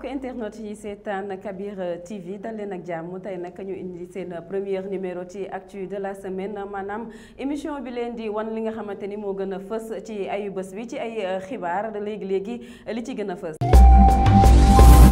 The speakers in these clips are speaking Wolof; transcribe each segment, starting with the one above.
mbokk internet yi seetaan Kabir TV dal leen ak jàmm tey nag ñu indi seen première numéro ci actu de la semaine maanaam émission bi leen di wan li nga xamante ni moo gën a fës ci ay bés wi ci ay xibaar léegi léegi li ci gën a fës.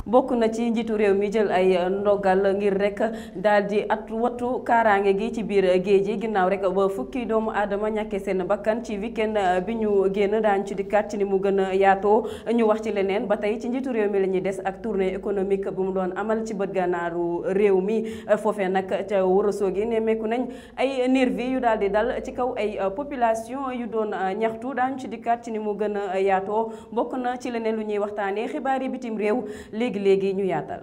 bokk na ci njiitu réew mi jël ay ndogal ngir rek daal di at wattu kaaraange gi ci biir géej gi ginnaaw rek ba fukki doomu aadama ñàkkee seen bakkan ci weekend bi ñu génn daan ci dikkaat ci ni mu gën a yaatoo ñu wax ci leneen ba tey ci njiitu réew mi la ñuy des ak tournée économique bu mu doon amal ci bët gànnaaru réew mi foofee nag ca warasoo gi nañ ay nervi yu daal di dal ci kaw ay population yu doon ñaxtu daañu ci dikkaat ci mu gën a yaatoo bokk na ci leneen lu ñuy waxtaanee xibaar yi bitim réew léegi léegi ñu yaatal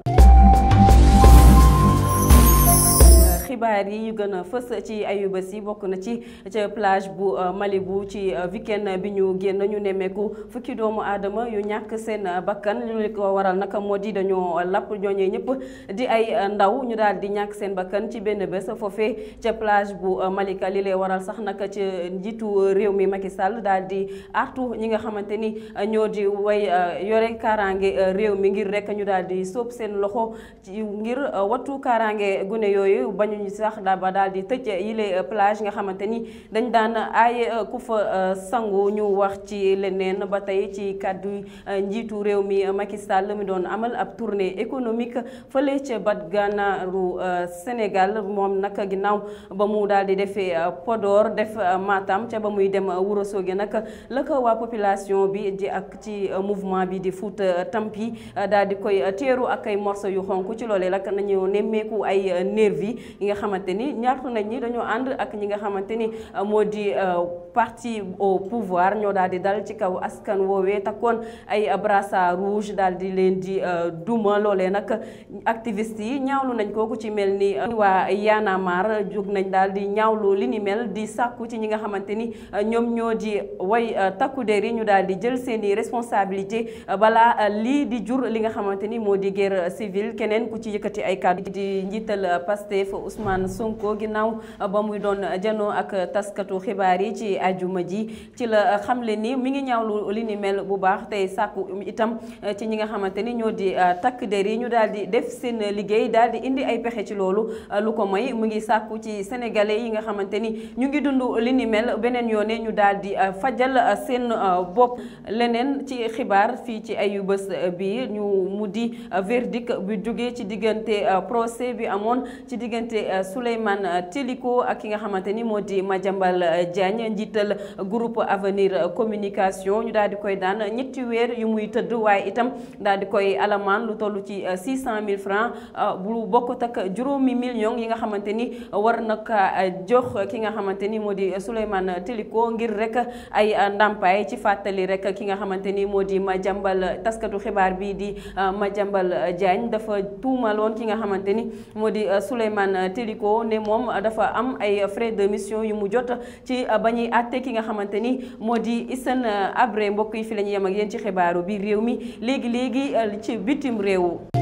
xibaar yi ñu gën a fës ci ayubés yi bokk na ci ca plage bu euh, Malibu ci euh, weekend bi ñu génn ñu nemmeeku fukki doomu aadama yu ñàkk seen bakkan lu ko waral nag moo di dañoo lapp ñooñee ñëpp di ay euh, ndaw ñu daal di ñàkk seen bakkan ci benn bés foofee ca plage bu Malika li lay waral sax nag ci njiitu réew mi Macky Sall daal di artu ñi nga xamante ni ñoo di way yore kaaraange réew mi ngir rek ñu daal di sóob seen loxo ngir wattu kaaraange gune yooyu bañu ñu ñu sax ba daal di tëj eh, yile eh, plage nga xamante ni dañ daan aaye eh, ku fa sangu ñu wax ci leneen ba tey ci kàddu njiitu réew mi Macky Sall mi doon amal ab tournée économique fële ca bat gànnaaru Sénégal moom nag ginnaaw ba mu daal di defee podoor def maatam ca ba muy dem Wuro Soge nag la ko bi ji ak ci mouvement bi di Fouta Tampi daal di koy teeru ak ay morso yu xonk ci loolee nag nañu nemmeeku ay nervi yi nga xamante ni ñaartu nañ ñi dañoo ànd ak ñi nga xamante ni euh, moo di euh, parti au pouvoir ñoo daal di dal ci kaw askan woowee takkoon ay brassard rouge daal di leen di euh, duma loolee nag activiste yi ñaawlu nañ ko ku ci mel ni waa Y'en jóg nañ daal di ñaawlu li ni mel di sàkku ci ñi nga xamante ni ñoom ñoo di way takku der ñu daal di jël seeni i responsabilité balaa lii di jur li nga xamante ni moo di guerre civile keneen ku ci yëkkati ay kàddu di njiital Pastef Ousmane Sonko ginnaaw uh, ba muy doon uh, janoo ak uh, taskatu xibaar yi ci ajuma ji ci la xamle ni mi ngi ñaawlu li ni mel bu baax tey sàkku itam ci ñi nga xamante ni ñoo di takk der yi ñu daal di def seen liggéey daal di indi ay pexe ci loolu lu ko may mu ngi sàkku ci sénégalais yi nga xamante ni ñu ngi dund li mel beneen yoone ñu daal di fajal seen bopp leneen ci xibaar fii ci ay bës bi ñu mu di verdict bu jógee ci diggante procès bi amoon ci diggante Euh, Souleymane euh, Teliko ak ki nga xamante ni moo di Madiambal euh, Diagne njiital groupe avenir communication ñu daal di koy daan ñetti weer yu muy tëdd waaye itam daal di koy alamaan lu toll ci cent 600000 francs bu bokk ak juróomi million yi nga xamante ni war na ko jox ki nga xamante ni moo di Souleymane Teliko ngir rek ay ndàmpaay ci fàttali rek ki nga xamante ni moo di Madiambal taskatu xibaar bii di Madiambal Diagne dafa tuumaloon ki nga xamante Téliko ne moom dafa am ay frais de mission yu mu jot ci euh, ba ñuy àtte ki nga xamante ni moo di Hissène euh, Habré mbokk yi fi la ñuy yem ak yéen ci xibaaru bi réew mi léegi léegi euh, ci bitim réew.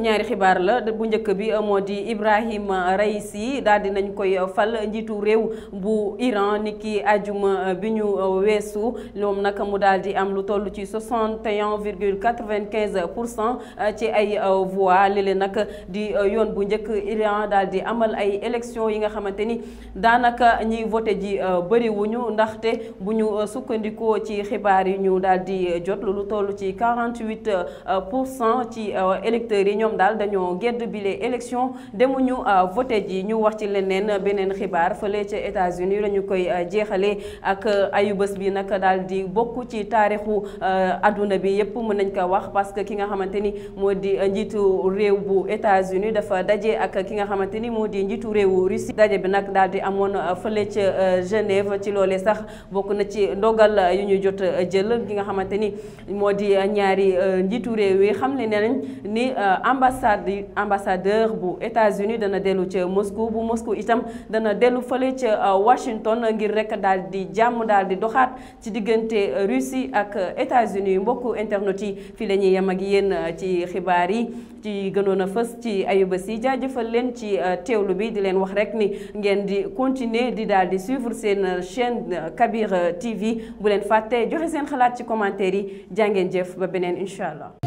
ñaari xibaar la bu njëkk bi moo di Ibrahima Raisi daal di nañ koy fal njiitu réew bu Iran niki ajuma bi ñu weesu moom nag mu daal di am lu toll ci 61 virgule 95 pour cent ci ay voix léeg-léeg nag di yoon bu njëkk Iran daal di amal ay élection yi nga xamante ni daanaka ñiy voté ji euh, bëriwuñu ndaxte bu ñu euh, sukkandikoo ci xibaar yi ñu daal di jot lu toll ci euh, ci électeurs yi ñoom ñoom daal dañoo gedd bile élection demuñu euh, voté ji ñu wax ci leneen beneen xibaar fële ca États-Unis lañu koy euh, jeexalee ak euh, ayubés bi nag daal di bokk ci taarixu adduna bi yépp mën nañ ko wax parce que ki nga xamante ni moo di njiitu réew bu États-Unis dafa daje ak ki nga xamante ni moo di njiitu réewu Russie daje bi nag daal di amoon fële ca Genève ci loolee sax bokk na ci ndogal yu ñu jot jël ki nga xamante ni moo di ñaari njiitu réew yi xam ne nañ ni am ambassade ambasadeur bu États-Unis dana dellu ca Moscou bu Moscou itam dana dellu fale ca euh, Washington ngir rek daal di jàmm daal di doxaat ci diggante euh, Russie ak euh, États-Unis mbokk internet yi fii la ñuy yem ak yéen ci xibaar yi ci gënoon a fës ci ayubés yi jaajëfal leen ci teewlu bi di leen wax rek ni ngeen di continuer di daal di suivre seen chaîne Kabir TV bu leen fàtte joxe seen xalaat ci commentaire yi jàngeen jëf ba beneen incha allah.